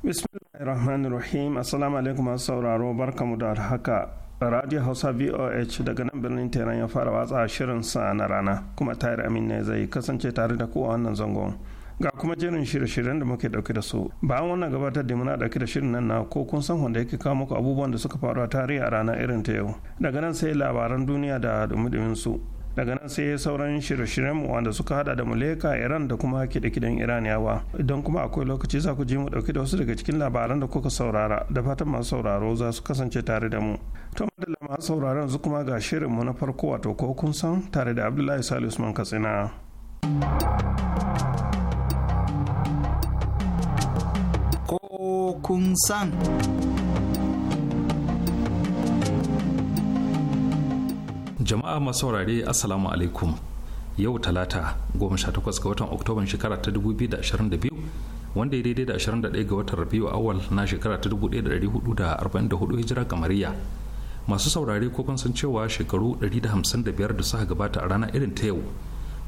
Bismillahirrahmanirrahim. Assalamu alaikum masu sauraro barkamu da haka. Radio Hausa VOH daga nan birnin Tehran ya fara watsa shirin sa na rana kuma tayar amin ne zai kasance tare da kowa wannan zangon. Ga kuma jerin shirye-shiryen da muke dauke da su. Bayan wannan gabatar da muna dauke da shirin nan na ko kun san wanda yake kawo muku abubuwan da suka faru a tarihi a rana irin ta yau. Daga nan sai labaran duniya da dumi su. daga nan sai sauran shirye-shiryen wanda suka hada da muleka iran da kuma kide-kiden iraniyawa idan kuma akwai lokaci za ku je mu dauki da wasu daga cikin labaran da kuka saurara da fatan masu sauraro za su kasance tare da mu to madalla masu sauraron su kuma ga shirin mu na farko wato ko kun san tare da abdullahi salisu usman katsina ko kun san jama'a masu saurare assalamu alaikum yau talata 18 ga watan oktoban shekara ta 2022 wanda ya daidai da 21 ga watan rabiu awal na shekara ta 1444 hijira kamariya masu saurare ko sun cewa shekaru 155 da suka gabata a rana irin ta yau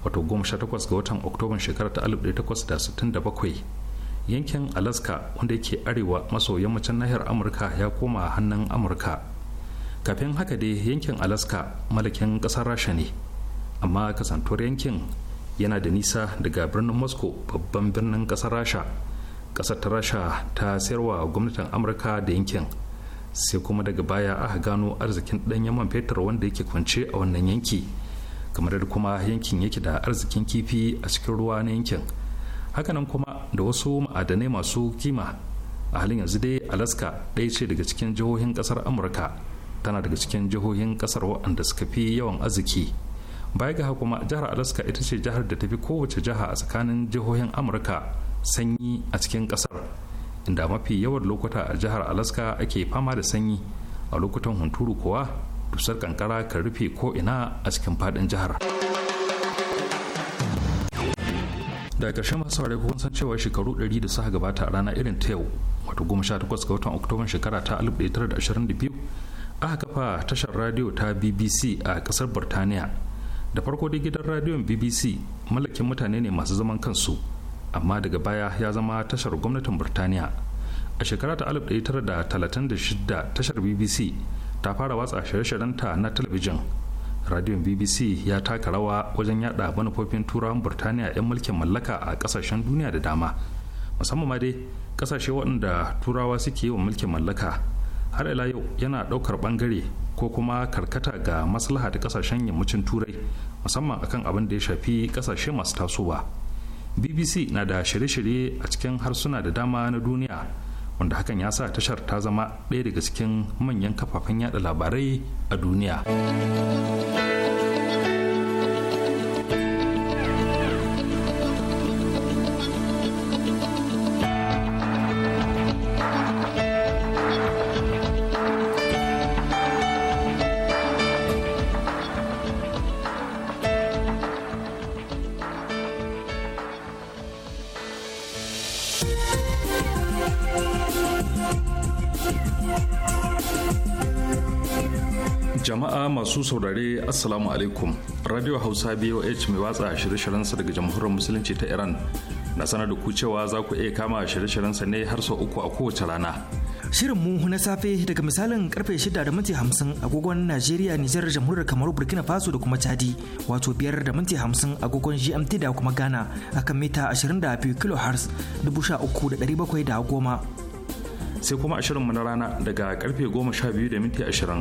wato 18 ga watan oktoban shekara ta 1867 yankin alaska wanda yake arewa maso yammacin nahiyar amurka ya koma hannun amurka kafin haka dai yankin alaska malakin kasar rasha ne amma kasantuwar yankin yana da nisa daga birnin moscow babban birnin kasar rasha kasar ta rasha ta sayarwa gwamnatin amurka da yankin sai kuma daga baya aka gano arzikin dan man fetur wanda yake kwance a wannan yanki kamar da kuma yankin yake da arzikin kifi a cikin ruwa na yankin hakanan kuma da wasu ma'adanai masu kima a halin yanzu dai alaska ɗaya ce daga cikin jihohin ƙasar amurka tana daga cikin jihohin kasar waɗanda suka fi yawan arziki baya ga kuma jihar alaska ita ce jihar da ta fi kowace jiha a tsakanin jihohin amurka sanyi a cikin kasar inda mafi yawan lokuta a jihar alaska ake fama da sanyi a lokutan hunturu kuwa dusar kankara kan rufe ko ina a cikin fadin jihar. daga ƙarshen masu saurari kun san cewa shekaru 100 da suka gabata a rana irin ta yau wato 18 ga watan oktoban shekara ta 1922 aka kafa tashar radiyo ta bbc a kasar burtaniya da farko dai gidan radiyon bbc mallakin mutane ne masu zaman kansu amma daga baya ya zama tashar gwamnatin burtaniya a shekara ta 1936 tashar bbc ta fara watsa shirye-shiryenta na talabijin radiyon bbc ya taka rawa wajen yada manufofin turawan burtaniya 'yan mulkin mallaka a kasashen duniya da dama musamman ma dai kasashe waɗanda turawa suke yi wa mulkin mallaka har ila yau yana ɗaukar ɓangare ko kuma karkata ga maslaha ta ƙasashen yammacin turai musamman akan abin da ya shafi ƙasashe masu tasowa bbc na da shirye-shirye a cikin harsuna da dama na duniya wanda hakan ya sa tashar ta zama ɗaya daga cikin manyan kafafen yada labarai a duniya saurare assalamu alaikum radio hausa boh mai watsa shirye shiryensa daga jamhuriyar musulunci ta iran na sanar da ku cewa za ku iya kama shirye sa ne har sau uku a kowace rana shirin mu na safe daga misalin karfe shida da minti hamsin agogon najeriya nijar jamhuriyar kamar burkina faso da kuma chadi wato biyar da minti hamsin agogon gmt da kuma ghana akan mita 22 kilohertz goma. sai kuma ashirin mu na rana daga karfe goma sha biyu da minti ashirin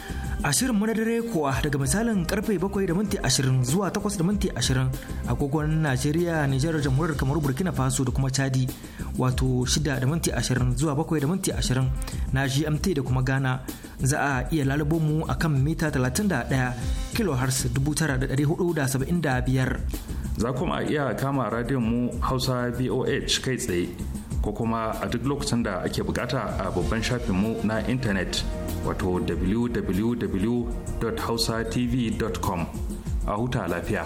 ashirin mu na dare kuwa daga misalin karfe 7 da minti 20 zuwa 8 da minti 20 agogon Najeriya, Nijar, Jamhuriyar Kamar Burkina Faso da kuma Chadi wato 6 da minti 20 zuwa 7 da minti 20 na GMT da kuma Ghana za a iya lalubo mu a kan mita 31 da biyar za kuma iya kama radiyon mu Hausa VOH kai tsaye ko kuma a duk lokacin da ake bukata a babban mu na intanet wato www.hausatv.com a huta lafiya.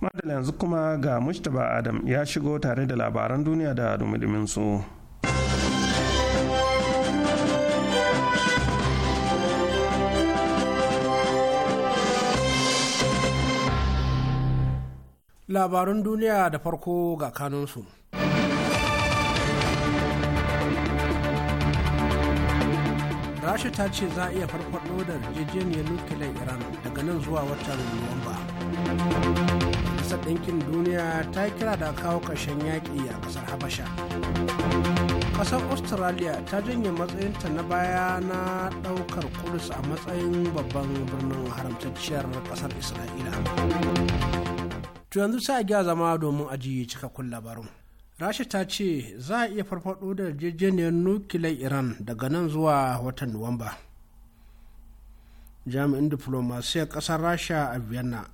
Madalla yanzu kuma ga Mustapha Adam ya shigo tare da labaran duniya da dumi su. labarun duniya da farko ga kanunsu. rasha ta ce za a iya farfado da yarjejeniyar nukiliyar iran daga nan zuwa watan nuwamba Ƙasar ɗinkin duniya ta kira da kawo ƙarshen yaƙi a ƙasar habasha ƙasar australia ta janye matsayinta na baya na ɗaukar kudus a matsayin babban birnin haramtacciyar ƙasar isra'ila to yanzu sai a gya zama domin ajiye kun labarun. rasha ta ce za a iya farfado da yarjejeniyar nukilai iran daga nan zuwa watan nuwamba jami'in diplomasiya kasar rasha a vienna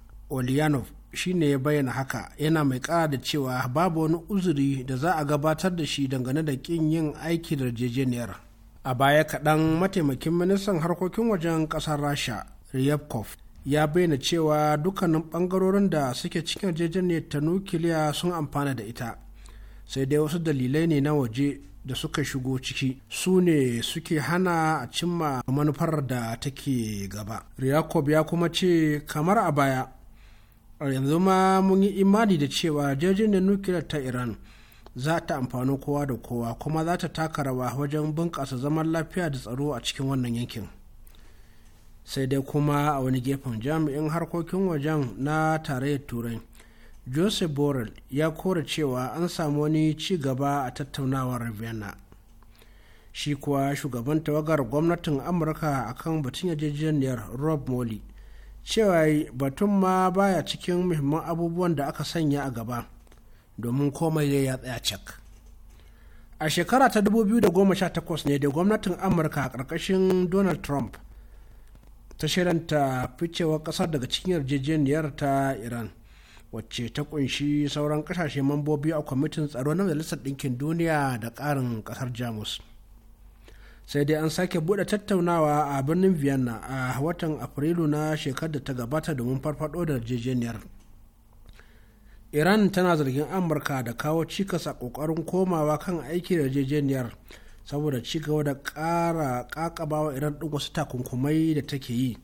shi shine ya bayyana haka yana mai kara da cewa babu wani uzuri da za a gabatar da shi dangane da kin yin aiki da yarjejeniyar a baya kaɗan mataimakin ministan harkokin wajen ƙasar rasha ryabkov ya bayyana cewa dukkanin bangarorin da suke cikin yarjejeniyar ta nukiliya sun amfana da ita sai dai wasu dalilai ne na waje da suka shigo ciki su ne suke hana a cimma manufar da take gaba riyakob ya kuma ce kamar a baya yanzu ma mun yi imani da cewa jirgin nukiliyar ta iran za ta amfani kowa da kowa kuma za ta taka rawa wajen bunƙasa zaman lafiya da tsaro a cikin wannan yankin. sai dai kuma a wani gefen jami'in harkokin wajen na tarayyar turai joseph borrell ya kora cewa an samu wani ci gaba a tattaunawar vienna shi kuwa shugaban tawagar gwamnatin amurka a akan batun yarjejeniyar rob molly cewa batun ma baya cikin muhimman abubuwan da aka sanya a gaba domin komai dai ya tsaya cak a shekara ta 2018 ne da gwamnatin amurka a ƙarƙashin donald trump ta shirinta ficewar kasar daga cikin yarjejeniyar ta iran wacce ta kunshi sauran kasashe mambobi a kwamitin tsaro na majalisar ɗinkin duniya da ƙarin ƙasar jamus sai dai an sake buɗe tattaunawa a birnin vienna a watan afrilu na shekarar da ta gabata domin farfado da yarjejeniyar iran tana zargin amurka da kawo cikas a ƙoƙarin komawa kan aiki da yarjejeniyar saboda ci gaba da ƙara ƙaƙabawa iran ɗin wasu takunkumai da take yi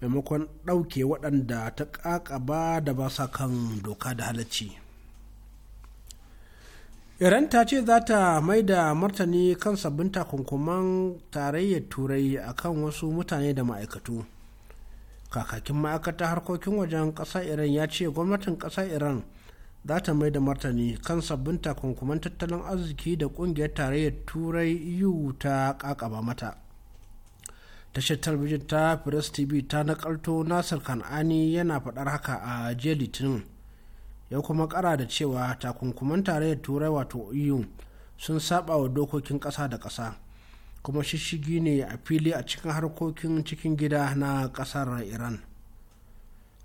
maimakon ɗauke waɗanda ta ƙaƙaba da ba sa kan doka da halacci iran ta ce za ta mai da martani kan sabbin takunkuman tarayyar turai a kan wasu mutane da ma'aikatu kakakin ma'aikatar harkokin wajen ƙasa iran ya ce gwamnatin ƙasa iran za ta mai da martani kan sabbin takunkuman tattalin arziki da kungiyar tarayyar turai eu ta kakaba mata tashar talabijin ta press tv ta nakalto nasir kan'ani yana faɗar haka a jiya litinin ya kuma kara da cewa takunkuman tarayyar turai wato eu sun saba wa dokokin ƙasa da ƙasa kuma shishigi ne a fili a cikin harkokin cikin gida na ƙasar iran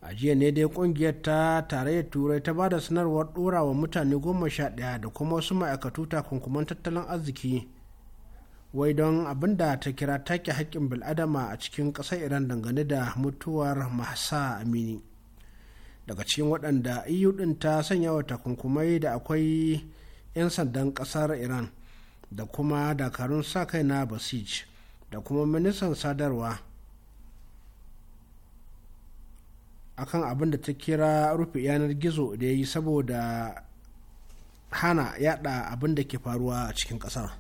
a jiya ne dai kungiyar ta tarayyar turai ta bada sanarwar dora wa mutane goma sha ɗaya da kuma wasu ma'aikatu takunkuman tattalin arziki wai don abin da ta kira take haƙƙin bil'adama a cikin ƙasar iran dangane da mutuwar mahasa amini daga cikin waɗanda iyu e ɗin ta sanya wa takunkumai da akwai 'yan sandan ƙasar iran da kuma dakarun sa kai na basij da kuma ministan sadarwa akan abin da ta kira rufe yanar gizo da ya yi saboda hana yada abin da ke faruwa a cikin kasar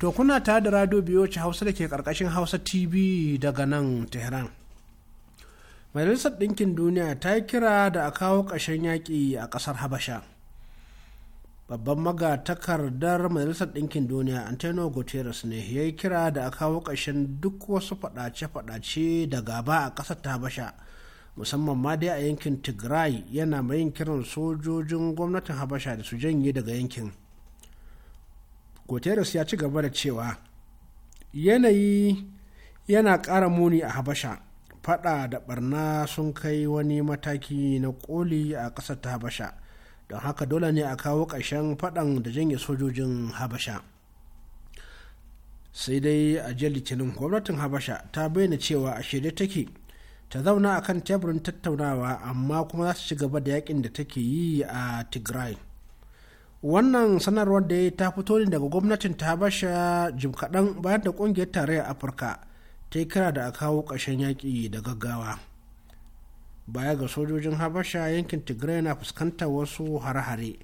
to kuna ta da radio biyoci hausa da ke karkashin hausa tv daga nan tehran majalisar ɗinkin duniya ta yi kira da a kawo yaƙi a ƙasar habasha babban magatakardar majalisar ɗinkin duniya antonio guterres ne ya yi kira da a kawo duk wasu faɗace-faɗace da gaba a ƙasar ta habasha musamman ma dai a yankin tigray yana mayin kiran sojojin gwamnatin habasha da su janye daga yankin guterres ya ci gaba da cewa yanayi yana ƙara muni a habasha fada da barna sun kai wani mataki na koli a ƙasar ta habasha don haka dole ne a kawo ƙarshen fadan da janye sojojin habasha sai dai a jiya litinin gwamnatin habasha ta bayyana cewa a shirye take ta zauna akan teburin tattaunawa amma kuma za su ci gaba da yakin da take yi a tigray wannan sanarwar da ya ta fito ne daga gwamnatin ta basha jim kaɗan bayan da ƙungiyar tarayyar afirka ta yi kira da a kawo ƙarshen yaƙi da gaggawa baya ga sojojin habasha yankin tigray na fuskantar wasu hare-hare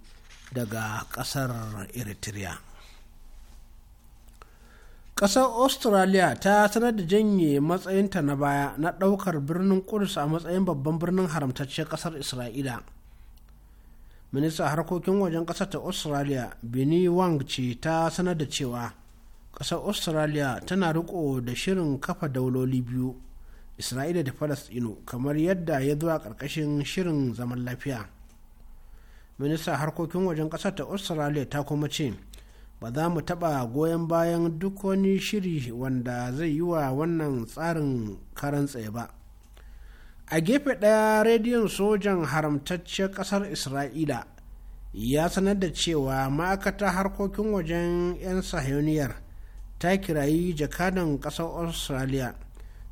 daga ƙasar eritrea ƙasar australia ta sanar da janye matsayinta na baya na ɗaukar birnin kudus a matsayin babban birnin haramtacciyar ƙasar isra'ila ministan harkokin wajen ƙasar ta australia bini wang ce ta sanar da cewa ƙasar australia tana riko da shirin kafa dauloli biyu isra'ila da palestino kamar yadda ya zuwa ƙarƙashin shirin zaman lafiya ministan harkokin wajen ƙasar ta australia ta kuma ce ba za mu taɓa goyon bayan duk wani shiri wanda zai yi wa wannan tsarin karantse ba a gefe ɗaya rediyon sojan haramtacciyar ƙasar isra'ila ya sanar da cewa ma'aikatar harkokin wajen 'yan sahiyoniyar ta kirayi jakadan ƙasar australia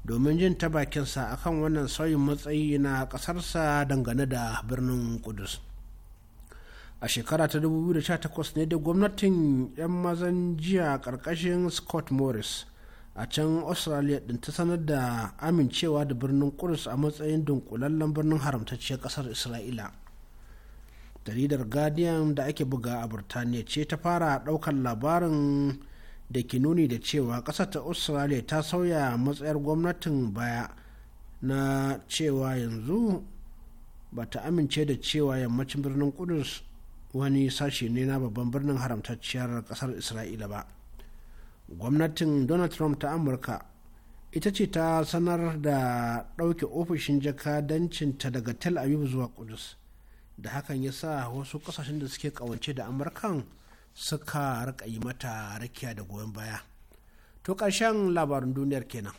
domin jin ta bakinsa akan wannan sauyin matsayi na ƙasarsa dangane da birnin kudus. a shekara ta 2018 ne da gwamnatin 'yan mazan jiya karkashin scott morris a can australia din ta sanar da amincewa da birnin kudus a matsayin dunkulallen birnin haramtacciyar kasar isra'ila jaridar guardian da ake buga a birtaniya ce ta fara daukan labarin da ke nuni da cewa kasar ta australia ta sauya matsayar gwamnatin baya na cewa yanzu ba ta amince da cewa yammacin birnin kudus wani sashe ne na babban birnin haramtacciyar kasar isra'ila ba gwamnatin donald trump ta amurka ita ce ta sanar da ɗauke ofishin ta daga tel aviv zuwa kudus da hakan ya sa wasu ƙasashen da suke ƙawance da amurkan suka rika yi mata rakiya da goyon baya to ƙarshen labarin duniyar kenan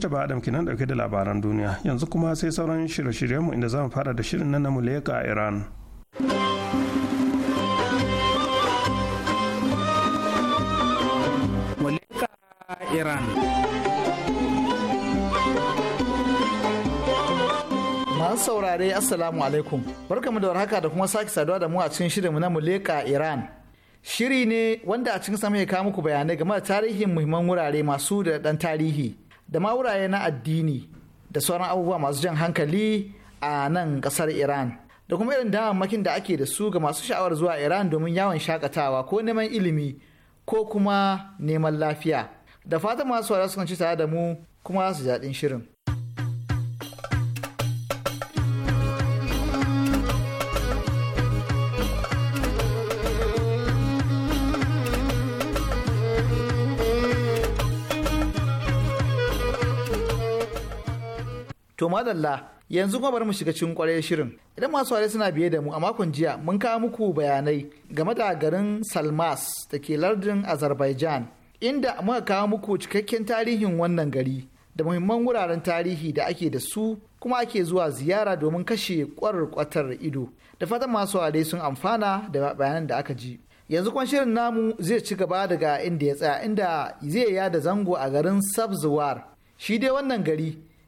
mustapha adam kinan dauke da labaran duniya yanzu kuma sai sauran shirye-shiryenmu inda zamu fara da shirin nan na muleka a iran masu saurare assalamu alaikum barkamu da warhaka da kuma sake saduwa da mu a cikin shirinmu na muleka iran shiri ne wanda a cikin sama ya muku bayanai game da tarihin muhimman wurare masu da dan tarihi da ma wurare na addini da sauran abubuwa masu jan hankali a nan kasar iran da kuma irin damammakin da ake da su ga masu sha'awar zuwa iran domin yawon shakatawa ko neman ilimi ko kuma neman lafiya da fata masu wara sukan ci tare da mu kuma su jaɗin shirin madalla yanzu kuma bari mu shiga cikin kwarai shirin idan masu ware suna biye da mu a makon jiya mun kawo muku bayanai game da garin salmas da ke lardin azerbaijan inda muka kawo muku cikakken tarihin wannan gari da muhimman wuraren tarihi da ake da su kuma ake zuwa ziyara domin kashe kwarar kwatar ido da fatan masu ware sun amfana da bayanan da aka ji yanzu kuma shirin namu zai ci gaba daga inda ya tsaya inda zai yada zango a garin sabzuwar shi dai wannan gari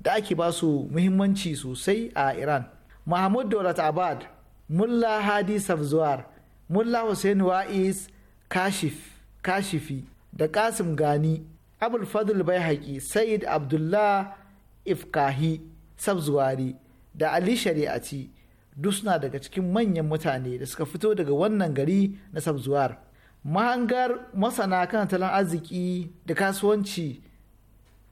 da ake ba su muhimmanci sosai a iran mahmud daulat abad mulla hadi safzuwar mulla hussein wa'is kashif kashifi da kasim gani abul fadl bai haƙi sayid abdullah ifkahi sabzuwari da ali shari'aci duk suna daga cikin manyan mutane da suka fito daga wannan gari na sabzuwar mahangar masana kan talan arziki da kasuwanci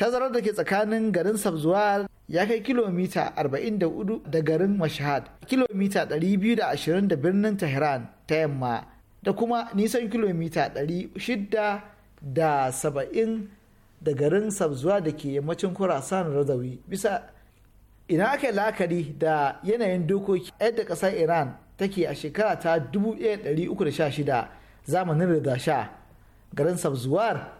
tazarar da ke tsakanin garin sabzuwar ya kai kilomita 44 da garin mashahad kilomita 220 da birnin tehran ta yamma da kuma nisan kilomita 600 da 70 da garin sabzuwa da ke yammacin kurasan radawi bisa ina aka yi la'akari da yanayin dokoki yadda ƙasar iran take a shekara ta 1316 zamanin rida sha garin sabzuwar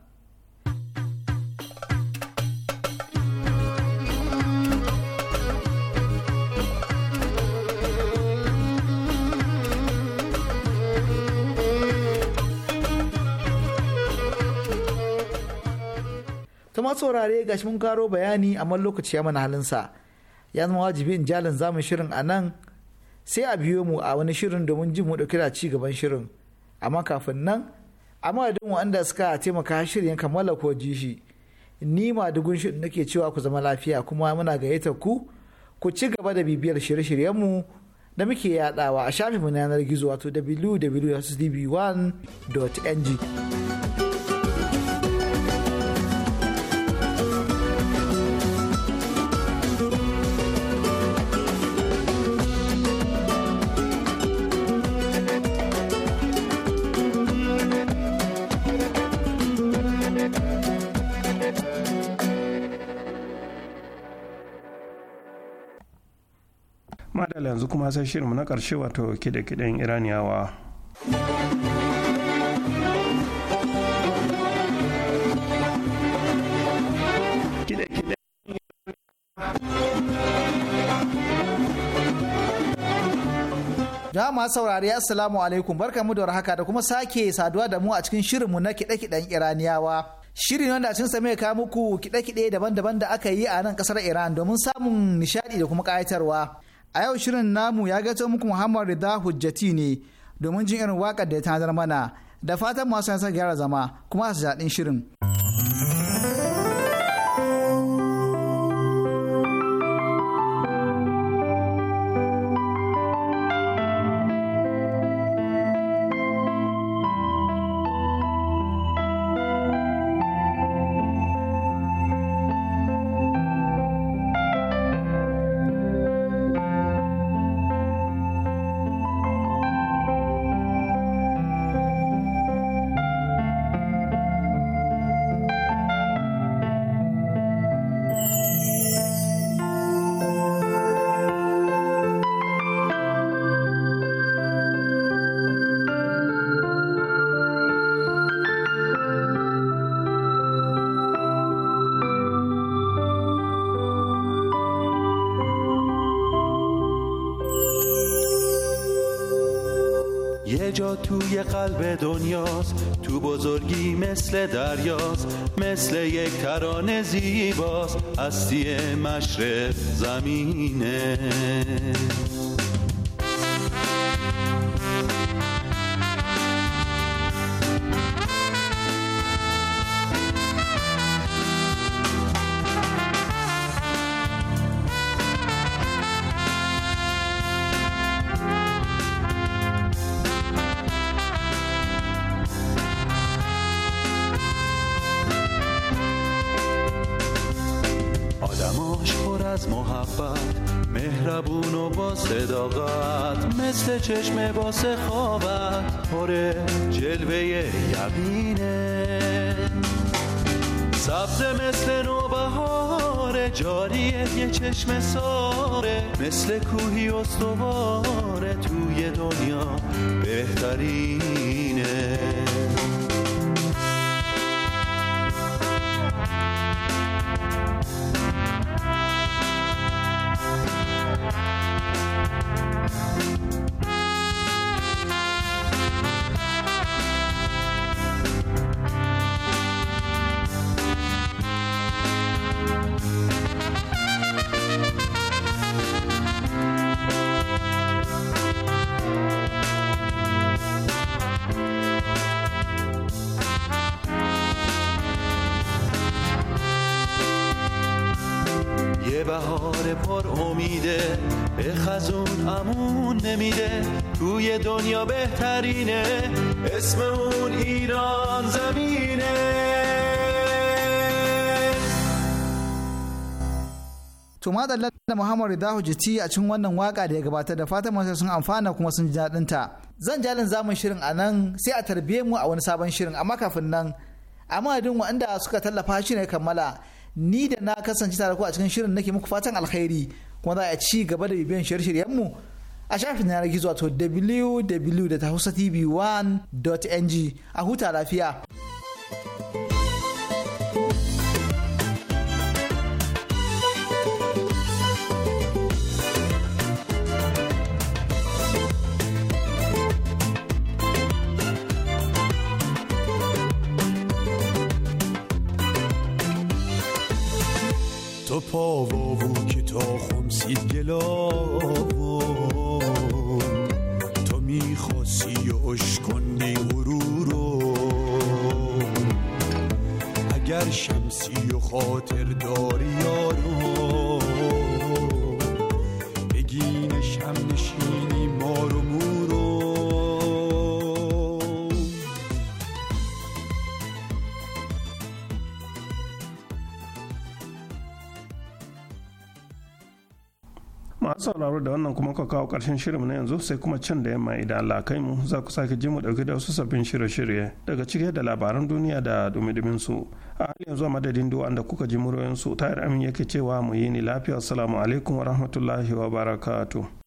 ma saurare shi mun karo bayani amma lokaci ya mana halinsa ya zama wajibi in jalin zamun shirin a nan sai a biyo mu a wani shirin domin jin mu dauki da ci gaban shirin amma kafin nan a madadin wanda suka taimaka shirin kammala ko ji shi ni ma dugun shirin nake cewa ku zama lafiya kuma muna gayyatar ku ku ci gaba da bibiyar shirye shiryen mu da muke yadawa a shafinmu na yanar gizo wato www.cdb1.ng yanzu kuma sai shirinmu na ƙarshe wato kide-kiden iraniyawa Jama'a saurari Assalamu alaikum barkamu da warhaka da kuma sake saduwa da mu a cikin shirinmu na kide kiden Iraniyawa. Shirin wanda cin sa mai kawo muku kiɗe-kiɗe daban-daban da aka yi a nan kasar Iran domin samun nishaɗi da kuma kayatarwa. a yau shirin namu ya gato muku muhammad rida hujjati ne domin jin irin waƙar da ya tanadar mana da fatan masu yasa gyara zama kuma su daɗin shirin. جا توی قلب دنیاست تو بزرگی مثل دریاست مثل یک ترانه زیباست هستی مشرف زمینه چشم باس خوابت پر جلوه یقینه سبز مثل نوبهار جاریه یه چشم ساره مثل کوهی استواره توی دنیا بهترینه Thank you. بهار پر امیده به خزون امون نمیده توی دنیا بهترینه اسم اون ایران زمینه to madalla da Muhammad Rida Hujjati a cikin wannan waka da ya gabata da fatan masu sun amfana kuma sun ji daɗin ta zan jalin zamun shirin a nan sai a tarbiye mu a wani sabon shirin amma kafin nan a madadin waɗanda suka tallafa shi ne kammala ni da na kasance tare ku a cikin shirin nake muku fatan alkhairi kuma za a ci gaba da bibiyan shirye mu a shafin yanar gizo wato www.hausatv1.ng a huta lafiya. تو پاواو که تا خمسید گلا تو میخواستی و غرور و اگر شمسی و خاطر داری kuka kawo ƙarshen shirin na yanzu sai kuma can da yamma idan Allah kai mu za ku sake ji mu ɗauki da wasu sabbin shirye-shirye daga cike da labaran duniya da dumi-dumin su. A hali yanzu a madadin duwan da kuka ji muryoyin su tayar amin yake cewa mu yi ni lafiya assalamu alaikum wa rahmatullahi wa barakatuh.